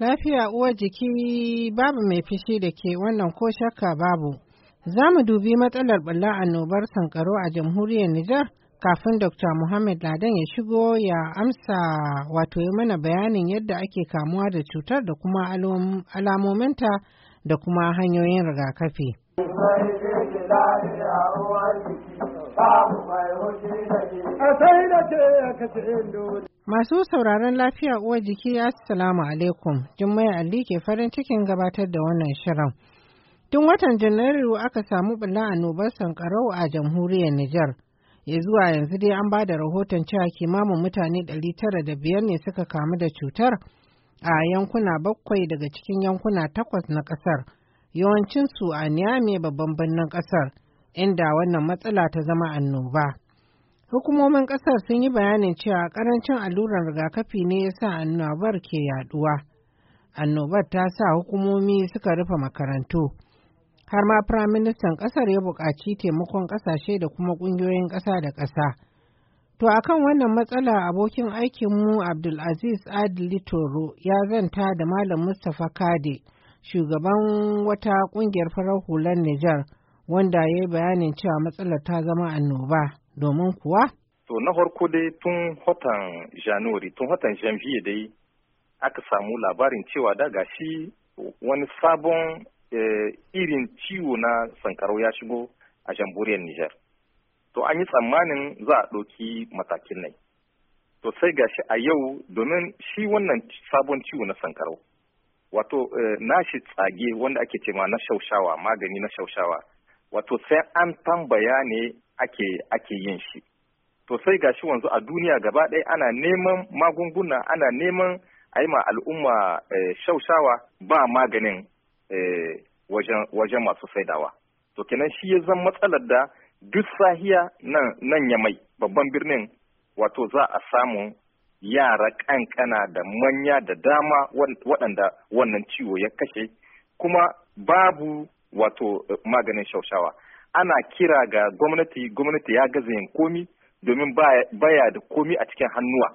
Lafiya uwar jiki babu mai fishi da ke wannan ko shakka babu. Za mu dubi matsalar ɓulla annobar sankaro a jamhuriyar Nijar kafin Dr. Muhammad Ladan ya shigo ya amsa wato yi mana bayanin yadda ake kamuwa da cutar da kuma alamominta da kuma hanyoyin rigakafi. Masu sauraron lafiya uwa jiki Assalamu alaikum, Jummai Ali ke farin cikin gabatar da wannan shirin. Tun watan Janairu aka samu bulla annobar sankarau a jamhuriyar Nijar. Ya zuwa yanzu dai an ba da rahoton cewa kimamin mutane 905 ne suka kamu da cutar a yankuna bakwai daga cikin yankuna takwas na ƙasar, yawancinsu a Niamey babban birnin ƙasar. inda wannan matsala ta zama annoba. Hukumomin ƙasar sun yi bayanin cewa ƙarancin alluran rigakafi ne ya sa annobar ke yaduwa. Annobar ta sa hukumomi suka rufe makarantu. Har ma firaministan ƙasar ya buƙaci taimakon ƙasashe da kuma ƙungiyoyin ƙasa da ƙasa. To akan wannan matsala abokin aikinmu Abdulaziz adli Toro ya zanta da Malam Mustapha Kade, shugaban wata ƙungiyar farar hular Nijar. wanda ya yi bayanin cewa matsalar ta zama annoba domin kuwa to na farko dai tun watan Januari, tun watan janvier dai aka samu labarin cewa da gashi wani sabon eh, irin ciwo na sankarau ya shigo a jamhuriyar Nijar. to an yi tsammanin za a ɗauki matakin nai to sai gashi a yau domin shi wannan sabon ciwo na sankarau wato eh, nashi tsage wanda ake ce ma na shaushawa magani na shaushawa wato sai an tambaya ne ake ake yin shi to sai gashi wanzu a duniya gaba ɗaya ana neman magunguna ana neman a ma al'umma e, shaushawa ba maganin e, wajen masu saidawa to kenan shi ya zan matsalar da duk sahiya nan ya mai babban birnin wato za a samu yara kankana da manya da dama waɗanda wannan ciwo ya kashe kuma babu wato eh, maganin shaushawa ana kira ga gwamnati gwamnati ya gaza yin komi domin baya da komi a cikin hannuwa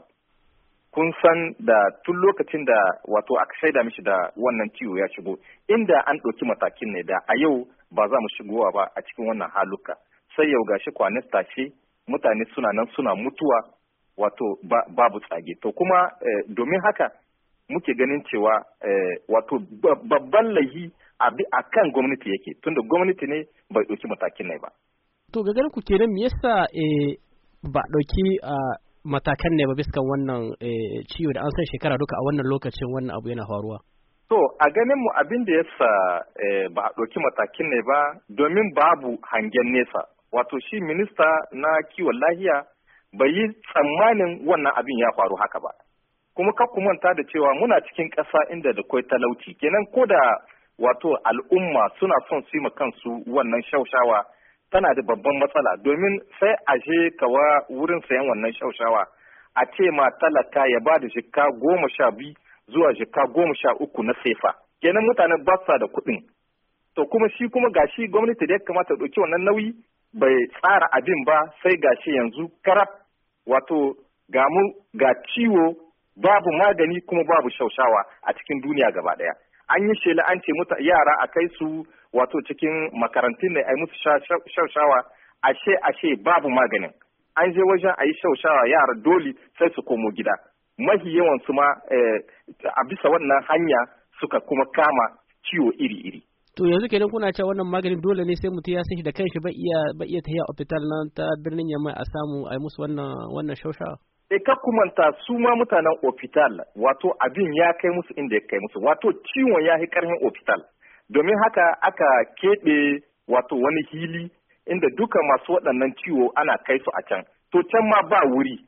kun san da tun lokacin da wato aka shaida mishi da wannan ciwo ya shigo inda an ɗauki matakin ne da a yau ba za mu shigowa ba a cikin wannan haluka sai yau gashi kwanis tashe mutane suna nan suna mutuwa wato babu tsage to kuma eh, domin haka muke ganin cewa eh, wato babban lahi Abi a kan gwamnati yake tunda gwamnati ne bai ɗauki matakin nai ba. To ga ku kenan me yasa eh, ba ɗauki ah, matakan ne ba bisa wannan eh, ciwo da an san shekara duka a wannan lokacin wannan abu yana faruwa? To a ganin mu abin da yasa eh, ba a ɗauki matakin ne ba domin babu hangen nesa. Wato shi minista na kiwon lahiya bai yi tsammanin wannan abin ya faru haka ba. Kuma ka manta da cewa muna cikin ƙasa inda da kwai talauci kenan ko da wato al'umma suna son su ma kansu wannan shaushawa tana da babban matsala domin sai a je kawa wurin sayan wannan shaushawa a ce ma talaka ya ba da jikka goma sha biyu zuwa jikka goma sha uku na sefa kenan mutanen ba da kuɗin to kuma shi kuma gashi gwamnati da ya kamata ɗauki wannan nauyi bai tsara abin ba sai gashi yanzu karab wato gamu ga ciwo babu magani kuma babu shaushawa a cikin duniya gaba ɗaya an yi shela an ce mutu yara a kai su wato cikin makarantun ne a yi musu shaushawa ashe ashe babu maganin an je wajen a yi shaushawa yara dole sai su komo gida mahi yawan su ma eh, a bisa wannan hanya suka kuma kama ciwo iri-iri. To yanzu kenan kuna cewa wannan maganin dole ne sai mutum ya san shi da kanshi ba iya ba iya tafiya hospital nan ta birnin Yamma a samu a yi musu wannan wannan shaushawa. E eh, ka kumanta su ma mutanen ofital wato abin ya kai musu inda ya kai musu wato ciwon ya yi karhin ofital domin haka aka keɓe wato wani hili inda duka masu waɗannan ciwo ana kai su a can to can ma ba wuri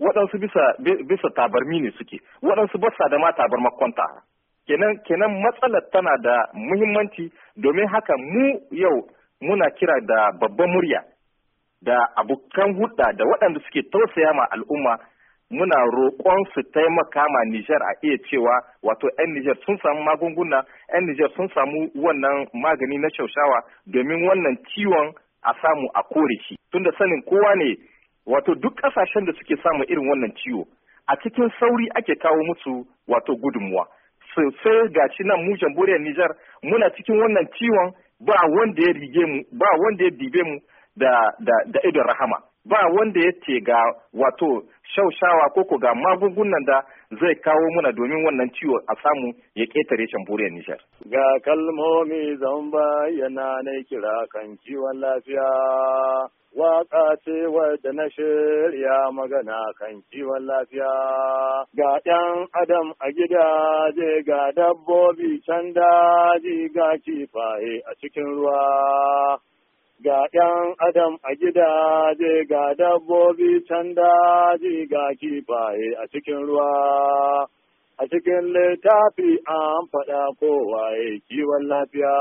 waɗansu bisa bisa tabarmi ne suke waɗansu ba sa da ma tabar makwanta kenan kenan matsalar tana da muhimmanci domin haka mu yau muna kira da babban murya da abokan hulɗa da waɗanda suke tausaya ma al'umma muna roƙon su taimaka ma Nijar a iya cewa wato 'yan Nijar sun samu magunguna 'yan Nijar sun samu wannan magani na shaushawa domin wannan ciwon a samu a kore shi tunda sanin kowa ne wato duk ƙasashen da suke samun irin wannan ciwo a cikin sauri ake kawo musu wato gudunmuwa sai ga shi nan mu jamhuriyar Nijar muna cikin wannan ciwon ba wanda ya rige mu ba wanda ya dibe mu da da idon rahama ba wanda ya ce ga wato shaushawa ko ko ga magungunan da zai kawo muna domin wannan ciwo a samu ya ƙetare buriyar Nijar. Ga kalmomi zan bayyana na kira kan kiwon lafiya, waka ce wadda na shirya magana kan kiwon lafiya. Ga ɗan adam a gida gidaje ga dabbobi can daji ga kifaye a cikin ruwa. ga ɗan adam a gidaje ga dabbobi can daji ga kifaye a cikin ruwa a cikin littafi an faɗa kowaye kiwon lafiya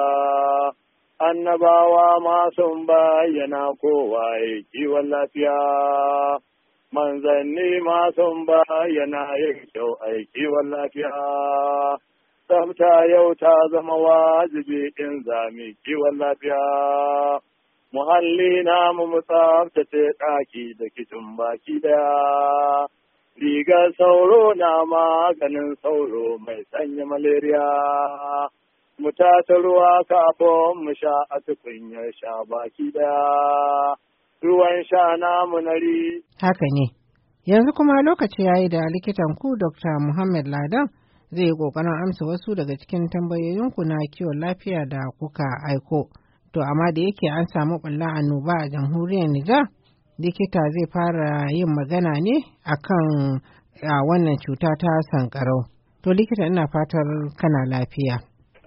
annabawa ma sun bayyana kowaye kiwon lafiya manzanni ma sun bayyana yin kyau a kiwon lafiya tsafta yau ta zama wajibi in zami kiwon lafiya muhalli na mu tsaftace ɗaki da kicin baki daya rigar sauro na maganin sauro mai sanya malaria mu tata ruwa kafin mu sha a tukunyar sha baki daya ruwan sha na nari haka ne yanzu kuma lokaci ya yi da likitan ku dr muhammad ladan zai yi kokarin amsa wasu daga cikin tambayoyinku na kiwon lafiya da kuka aiko. to amma da yake an samu ɓulla annoba a jamhuriyar Nijar likita zai fara yin magana ne akan a wannan cuta ta sankarau to likita ina fatar kana lafiya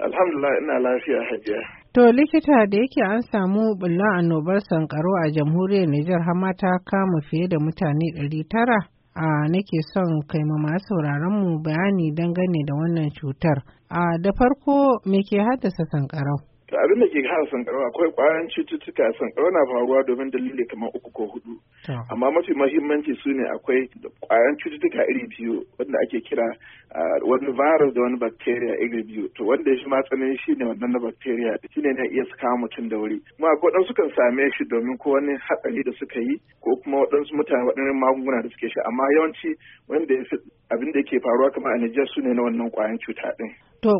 alhamdulillah ina lafiya hajiya to likita da yake an samu ɓulla annobar sankarau a jamhuriyar Nijar har ma ta kama fiye da mutane ɗari tara a nake son kaimama sauraron mu bayani dangane da wannan cutar a da farko me ke haddasa sankarau to abin da ke hana sankarau akwai kwayan cututtuka sankarau na faruwa domin dalili kamar uku ko hudu amma mafi mahimmanci su ne akwai kwayan cututtuka iri biyu wanda ake kira wani virus da wani bacteria iri biyu to wanda ya shi ma tsanani shi ne wannan na bacteria shi ne na iya saka mutum da wuri kuma akwai waɗansu kan same shi domin ko wani hatsari da suka yi ko kuma waɗansu mutane waɗannan magunguna da suke sha amma yawanci wanda ya fi abin da ke faruwa kamar a Nijar su ne na wannan kwayan cuta ɗin. To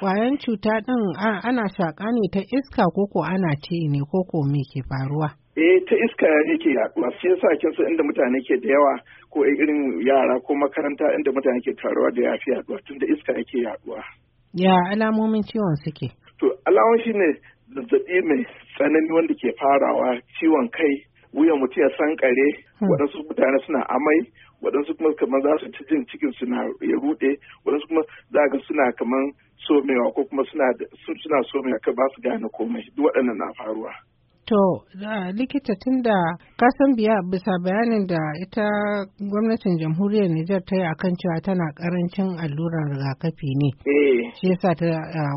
kwayan ah, cuta ɗin ana shaƙa ne ta iska koko ana ce ne koko me ke faruwa? eh ta iska yake yaduwa shi yasa kin san inda mutane ke da yawa ko irin yara ko makaranta inda mutane ke taruwa da yafi yaduwa tunda iska yake yaduwa ya alamomin ciwon suke to alamomin shine zazzaɓi mai tsanani wanda ke farawa ciwon kai wuyan mutum ya san kare hmm. waɗansu mutane suna amai waɗansu kuma kamar za su ci jin cikin suna ya rude waɗansu kuma za ga suna kamar somewa ko kuma suna somewa ka ba su gane komai duk waɗannan na faruwa To, likita tunda kasan biya bisa bayanin da ita gwamnatin jamhuriyar Nijar ta yi akan cewa tana karancin allurar rigakafi ne. Eh. Shi yasa ta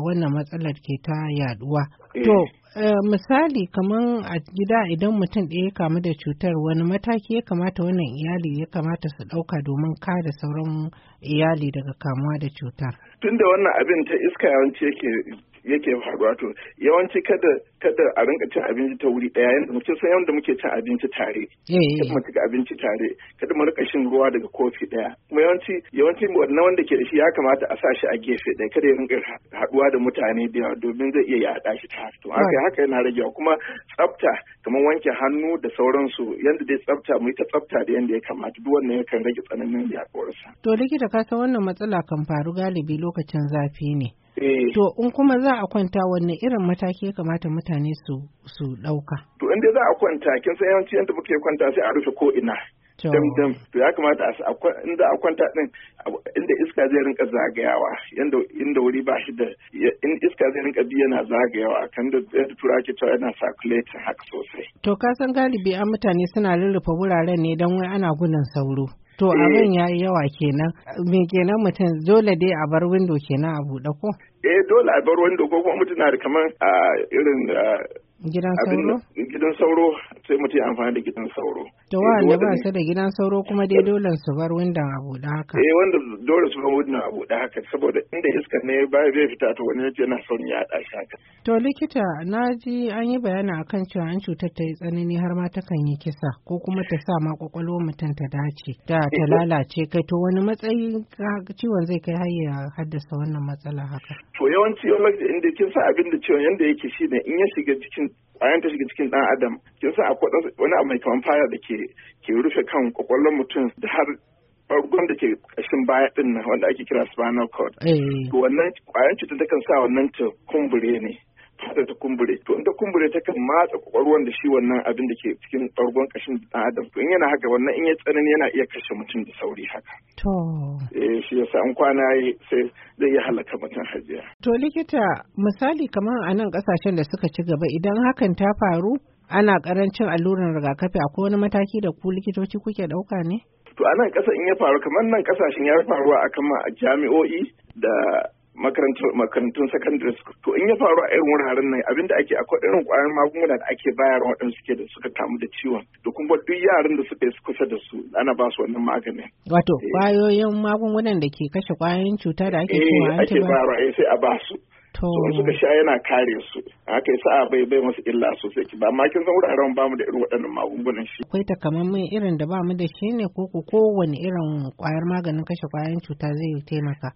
wannan matsalar ke ta yaduwa. Eh. To, eh, misali kamar a gida idan mutum ɗaya ya kamu da cutar wani mataki ya kamata wannan iyali ya kamata su ɗauka domin kada sauran iyali daga kamuwa da cutar. Tunda wannan abin ta iska yawanci yake yake faruwa to yawanci kada kada a rinka cin abinci ta wuri daya yanda muke san yanda muke cin abinci tare eh, eh, kada mu eh. abinci tare kada mu rika shin ruwa daga kofi daya kuma yawanci yawanci wanda ke da shi ya kamata a sa shi a gefe daya kada ya rinka haduwa da mutane da yawa domin zai iya yaɗa shi ta to haka haka yana rage kuma tsafta kamar wanke hannu da sauransu yanda dai tsafta mu yi ta tsafta da yanda ya kamata duk wannan yakan rage tsananin yaɗuwarsa to likita ka san wannan matsala kan faru galibi lokacin zafi ne Eh. To in kuma za a kwanta wanne irin mataki ya kamata mutane su su ɗauka? To in dai za a kwanta kin san yawanci yadda muke kwanta sai a rufe ko ina. Dam dam to ya kamata in inda a kwanta din inda iska zai rinka zagayawa yanda inda wuri ba shi da in iska zai rinka bi yana zagayawa kan da yadda tura ke cewa yana circulating haka sosai. To ka san galibi an mutane suna rurrufe wuraren ne don wai ana gudun sauro. To eh. abin ya yi yawa kenan, me kenan mutum dole dai a bar windo kenan a buɗe ko? Eh dole a bar windo ko kuma mutum na da kamar a ah, irin ah, Gidan sauro? Gidan sauro sai mutum ya amfani da gidan sauro. To eh, da ba su da gidan sauro kuma dai dole su bar windon a buɗe haka. Eh wanda dole su bar windon a buɗe haka saboda inda iska ne ba zai fita to wani yace yana son ya da shi haka. To likita na ji an yi bayani akan cewa an cutar ta yi tsanani har ma takan yi kisa ko kuma ta sa ma kwakwalwar mutum ta dace da eh, ta lalace kai to wani matsayi ciwon zai kai har ya haddasa wannan matsala haka. To yawanci yawanci inda kin sa abin da ciwon yanda yake shi ne in ya shiga cikin bayanta ta shiga cikin dan adam kin san akwai wani abu mai kaman fara da ke ke rufe kan kwakwalwar mutum da har bargon da ke kashin baya din nan wanda ake kira spinal cord eh. to wannan kwayan cutar ta kan sa wannan ta kumbure ne kada ta kumbure to in kumbure ta kan matsa kwakwalwar da shi wannan abin da ke cikin bargon kashin dan adam to in yana haka wannan in ya tsanani yana iya kashe mutum da sauri haka to eh shi yasa an kwana sai zai iya halaka mutum hajiya to likita misali kamar a nan kasashen da suka ci gaba idan hakan ta faru ana karancin alluran rigakafi akwai wani mataki da ku likitoci kuke ɗauka ne to a nan kasa in ya faru kamar nan kasashen ya faruwa akan ma a jami'o'i da makarantun secondary school to in ya faru a irin wuraren nan abinda ake akwai irin kwayar magunguna da ake bayarwa waɗanda suke da suka kamu da ciwon da kuma duk yaran da suka yi kusa da su ana ba su wannan maganin wato kwayoyin eh. magungunan da ke kashe kwayoyin cuta da ake cewa eh, ake bayarwa eh, sai a ba su to suka sha yana kare su haka yasa bai bai masu illa sosai ki ba amma kin san wuraren ba mu da irin waɗannan magungunan shi akwai takamaiman irin da ba mu da shi ne ko ko wani irin kwayar maganin kashe kwayoyin cuta zai taimaka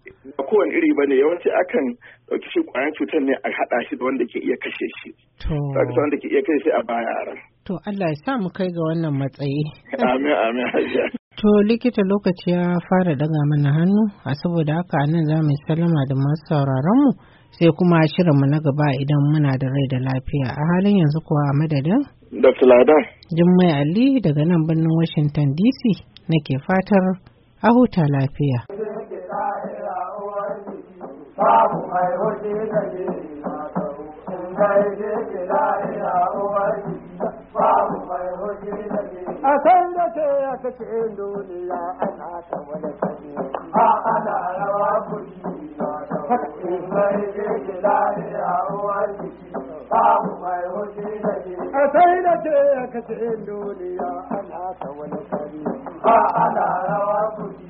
kowane iri ba ne yawanci akan ɗauki shi ƙwayar cutar ne a haɗa shi da wanda ke iya kashe shi. To. wanda ke iya kashe shi a baya ran. To Allah ya sa mu kai ga wannan matsayi. Amin amin hajiya. To likita lokaci ya fara daga mana hannu a saboda haka nan za mu salama da masu sauraron mu sai kuma mu na gaba idan muna da rai da lafiya a halin yanzu kuwa a madadin. Dr. Ladan. Jummai Ali daga nan birnin Washington DC nake fatar a huta lafiya. babu mai da a san da ke ya kace duniya ana ta wani kaje a ana rawa kuri matau in kai je ki lahira uwarki babu mai hoji da ke a san da ke ya kace duniya ana ta wani kaje a ana rawa kuri